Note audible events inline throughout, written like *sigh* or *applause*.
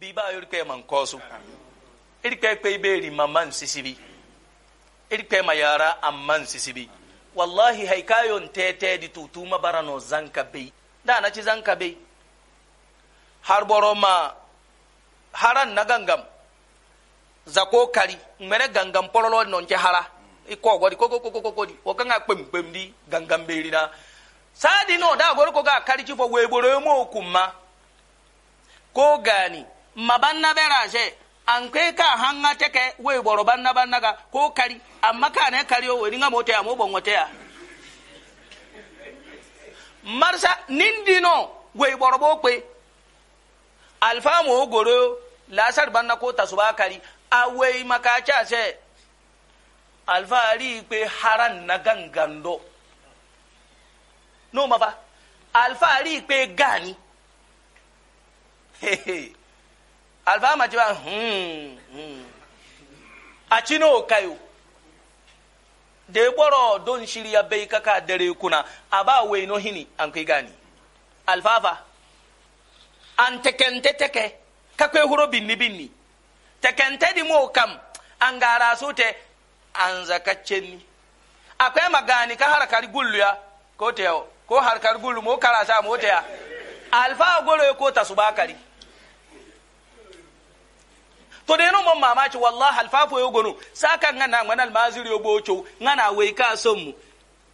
biba yorikpe man koosu irikpe kpe ibeeri ma man sisibi irikpe ma yara an man sisibi wallahi haikayon tetedi tutuma barano zanka bei dana ti zanka bei har boro ma hara na gangan zako kari gangan pọlọlọ nọ nonke hara iko gori koko koko koko di o kanga kpem kpem di gangan beri na sadi no da gori ko ga kari ci fo weboro mo ma ko gani ma banna beraje an kai ka hanga teke wai boro banna banna ga ko kari amma ka ne kari o wani ga mota ya mo bon wata ya marsa nindino wai boro bo pe alfa mo goro lasar banna ko tasuba kari a wai maka cha se alfa ari haran na gangando no mafa alfa ari pe gani hehe. alifaa ma cewa hmm hmm a ci n'o ka yi da ya don shirya bai kaka dare kuna a ba wai no hini an kai gani alfafa an tekente teke kakwai huro binni binni tekente di mo kam an gara su te an zakaccen ni akwai magani ka harkar gullu ya ko te ko harkar gullu mo karasa mo te ya alfa goro ko ta su bakari to de no mon mamaki wallahi alfafo ya gono saka ngana ngana almaziri yo bocho ngana we ka ka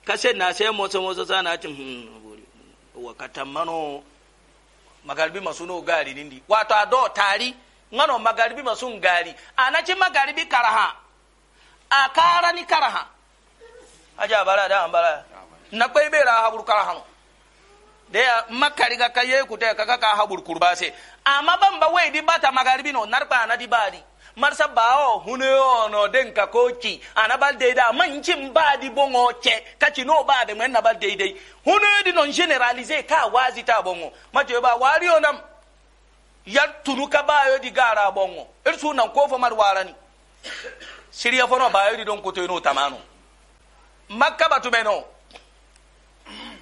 kase na se mo mo so na tim hmm, wa katamano magalbi masuno gari nindi wato ado tari ngano magalbi masun gari anachi magalbi karaha akara ni karaha aja bara da ambara na kwebe ra habur karaha no deya makkariga ka yekute kaka ka haɓur kurbase amma bamba weydi bata magaribino narɓanadi baadi marsa bawo huneyono den ka koci ana bal deyda mancin baadi bongo ce kacino baade men na bal hune di non généralise ka wasita bongo macoyo ba wariyo nam yar tunu ka di gara bongo ir su nan kofo mar warani siriya fono bayodi don kotoyno tamano makka batumeno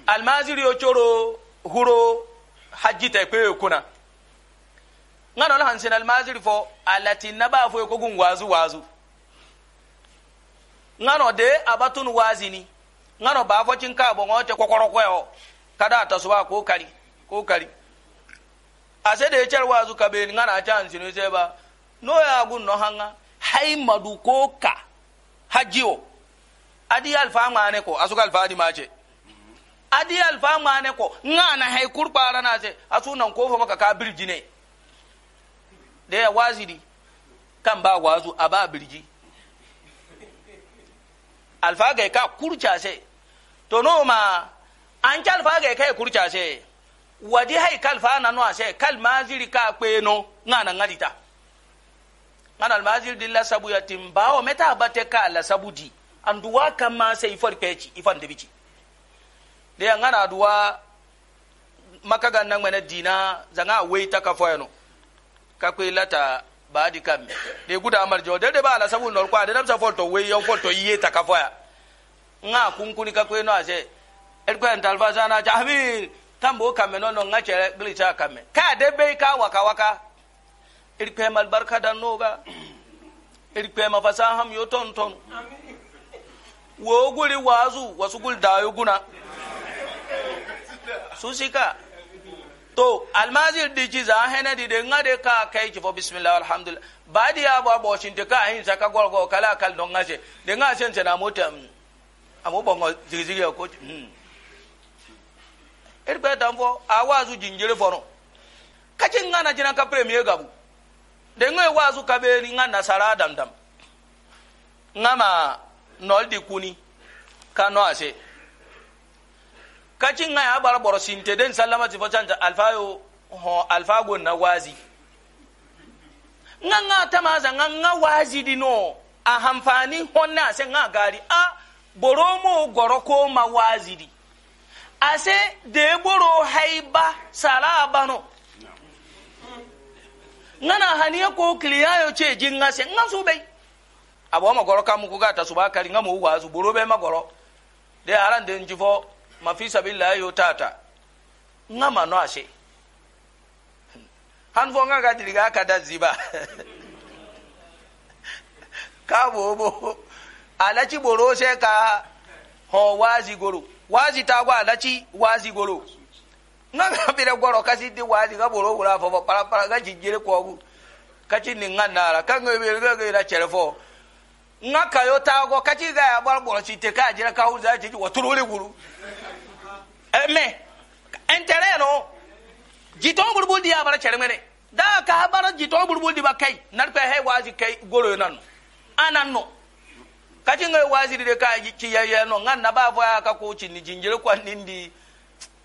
almaziri ochoro huro hajji ta kwe kuna ngano la hansin almaziri fo alati naba fo e ko gun wazu wazu ngano de abatun wazini ngano ba fo cin ka bo ngote kokoro kweo kada ta suba ko kari ko kari a ase de char wazu kabeni ngana chan sinu seba no ya gun no hanga hay madu ko ka hajio adi alfa ne ko asuka alfa di mache adi alfa mane ko nga na hay kurpara na se asunan ko fa maka ka birji ne da ya waziri kan ba wazu a ba birji alfa ga ka kurcha se to no ma an ka alfa ga ka kurcha se wadi hay kalfa na no ase kal maziri ka pe no nga na ngadita ngana almaziri dilla sabu yatim bawo meta abate ka la sabudi anduwa kama sai ifor ifan debici de ya ngana aduwa maka ganna ngmene dina zanga weita ka yano ka kwe lata baadi kam de guda amal jo de de ba ala sabu nor kwa de nam sa folto we yo folto yi ta ka ya nga kunkuni ka kwe no ase el kwa ntalva sana jahmin tambo kame no no nga chere glita kame ka de be ka waka waka el kwa mal barka dan noga el kwa ma fasaham yo ton ton wo guli wazu wasu gul guna susika to almazir diki za hena di de ngade ka kai ki fo bismillah alhamdulillah badi ya bo bo shin te ka hin saka gol go kala kal don ngase de ngasen tana mota amu bongo zigizigi ko hmm eri kpɛ tan fɔ a waazu jinjiri fɔnɔ kati n ka na jina ka premier gabu de n ka waazu ka bɛ ni n ka nasara dam n ka ma nɔli di kuni ka nɔ a kacin nga ya bara boro sinte den sallama ti alfa yo ho alfa na wazi nga nga maza nga nga wazi di no a hamfani honna se nga gari a boro mo goro ko ma wazi di se de boro haiba no bano na haniya ko che ce nga se nga su bai abo ma goro kamu ku ta su ba kari nga mo wazu boro be ma goro de aran den jifo mafi sabilillahi yo tata nga mano ase han fo nga kadiri ka da ziba *laughs* ka bobo alaci boro se ka ho wazi goro wazi ta gwa alaci wazi goro nga ga bire goro si di wazi ga boro wura fo para para ga jijire ko gu ci ni nga nara ka nga bire ga ga chere fo nga kayo ta ka ci ga ya bar boro ci te ka jira ka hu za ji wa turole guru me entere no jiton burbul diya bara cermene da ka bara jiton burbul diba kai nar pe he wazi kai goro nan anan no kati ngai wazi de ka ki ya ya no ngan na ba fa ka ko chin jinjire kwa nindi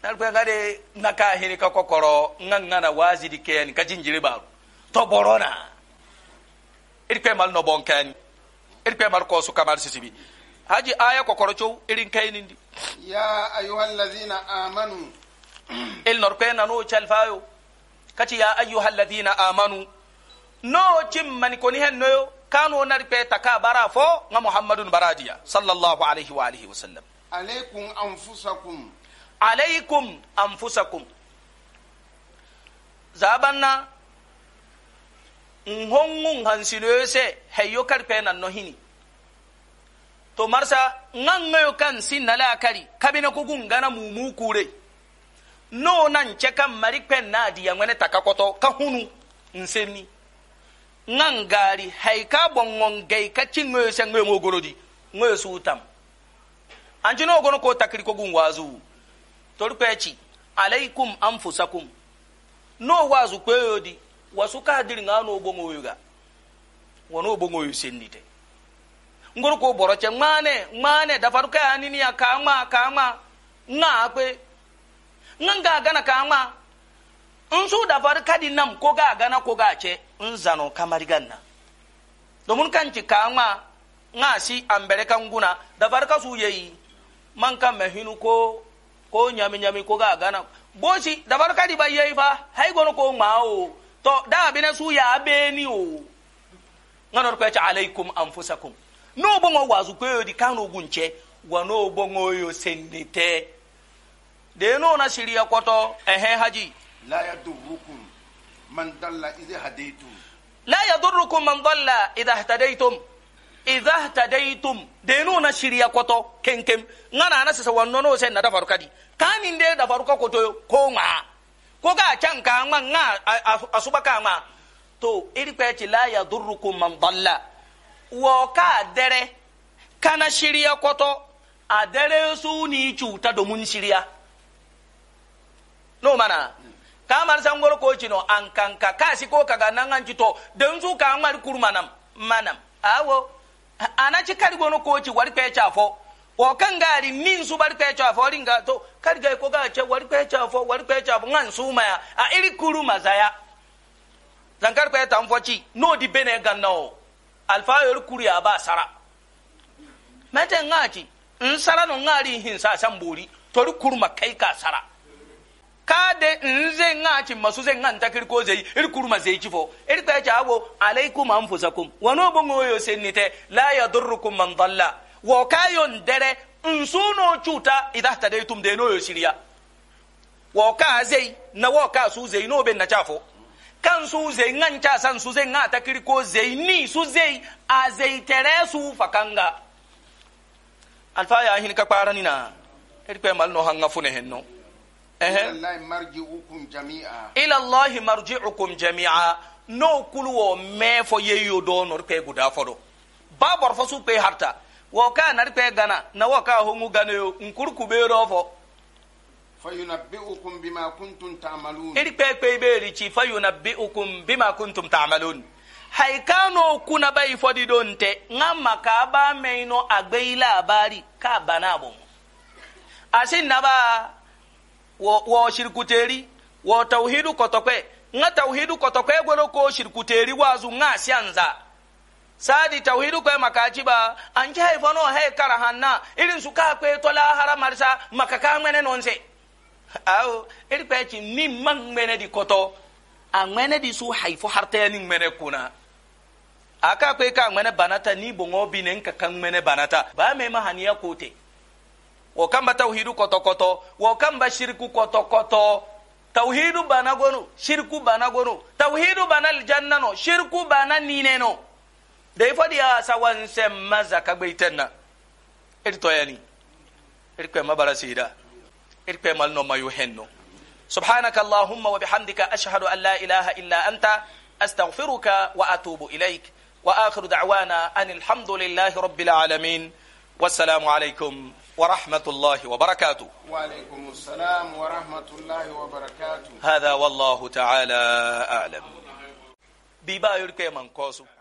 nar pe de na ka hiri ka kokoro ngan ngana wazi di ke ni ka jinjire ba to borona ir pe mal no bonkan ir pe mar ko su kamar sisibi haji aya kokoro cow kaini kaynindi ya ayuhal alladina amanu il norpena no nanu calfayo kaci ya ayuha amanu no chim koni hen noyo kanu nari pe taka bara fo nga muhammadun baradiya sallallahu alaihi wa alihi wasallam alaikum anfusakum alaikum anfusakum zabanna nhongun hansinoyose heyo karpe nan hini to marsa ŋaŋŋayo kaŋ sinnala a kari kabine kugun gana mumu kure no nan ce kan mari kpen na adiya ŋwene taka koto ka hunu nsenni ŋaŋ gaari hay ka boŋŋon gay ka ci ŋoyo se ŋoyo ŋo gorodi ŋoyo tam ancino gono ko takiri kogun waazu tori kwe ci alaikum anfusakum no waazu kweyodi wasu ka diri ŋa no boŋoyo ga wono boŋoyo sennite ngoroko ko boro che ngmane ngmane da faru ka ani ni aka ma aka ma na pe nga gana ka ma nsu da faru di nam ko ga gana ko ga che nzano kamari ganna domin ci ka ma nga si ambere kan guna da faru ka su yeyi man kan mehinu ko ko ɲami nyami ko ga gana boosi da faru di ba yeyi fa hay gono ko ma o to da na su ya ni o nganor ko ya alaikum anfusakum n'ogbonwo wazukweyo dikana ogunche gwa n'ogbonwo yo sendete deno na shiri ya kwato ehe haji la yadurrukum man dalla idha hadaytum la yadurrukum man dalla idha ihtadaytum idha ihtadaytum deno na shiri ya kwato kenkem ngana na sisa wanno no sen na da farukadi kani nde da faruka koto ko ma ko ga can ka nga asuba ka nga to iri kwe ci la yadurrukum man dalla woka dere kana shirya kwato a dare su ni cuta domin shirya no mana ka mar sangor ko cino an kanka kasi ko kaga nan an cito don su ka mar kurmanam manam awo ana ci kari gono ko ci war pecha fo o kan gari min su bar pecha fo ringa to kari ga ko ga ce war pecha fo war pecha fo ngan su maya a iri kuru mazaya zankar pecha tan fo no di bene ganna alfayor kuriya ba sara mete ngati n sara no ngari hin sa san bori tori kurma kai ka sara ka de nze ngati masu ze ngan takir ko zai ir kurma kifo ir ta ja wo alaikum anfusakum wa no bon oyo senite la yadurrukum man dalla wa kayon dere nsuno chuta idah tadaitum de no yo siriya wa ka ze na wa ka su ze no be na chafo kan su zai ngan san su zai nga ta kiri ko zai ni su zai a zai tere su fakanga alfa ya hin ka kwara ni na eri ko mal no hanga fune hen no ila allah marji'ukum jami'a no kulu wo me fo ye yo do no pe er guda fo do babor fo su pe harta wo ka na pe er gana na wo ka ho ngu gana yo nkurku be ro fo fayunabbi'ukum bima kuntum ta'malun iri pe pe iberi ci fayunabbi'ukum bima kuntum ta'malun haikano kuna bai fodi donte ngamma ka ba meino agbei labari ka bana bon asin na ba wo, wo shirkuteri wo tauhidu kotokwe nga tauhidu kotokwe gwero ko shirkuteri wazu nga sianza sadi tauhidu kwe makaci ba an ki haifano hai kara irin su ka kwe tola haramarsa makaka mene nonse aw eri kpɛ ci ni ma ŋmɛnɛ di kɔtɔ a ŋmɛnɛ di su hayi fo haritɛya ni ŋmɛnɛ kuna a ka ko e ka ŋmɛnɛ banata ni bɔngɔ bi ne n ka kan ŋmɛnɛ banata ba mɛ ma haniya ko te hidu kamba tawhidu kɔtɔkɔtɔ kan ba shiriku kɔtɔkɔtɔ tawhidu bana gono shiriku bana gono tawhidu bana aljanna no shiriku bana nine no da ifo diya sawan sem maza ka gbeiten na eri toyani eri kwe mabara sida ir pe mal no mayu henno subhanaka allahumma wa bihamdika ashhadu an la ilaha illa anta astaghfiruka wa atubu ilaik wa akhiru da'wana anil hamdulillahi rabbil alamin wassalamu alaikum ورحمة الله وبركاته وعليكم السلام ورحمة الله وبركاته هذا والله تعالى أعلم بيبا يركي من قوسه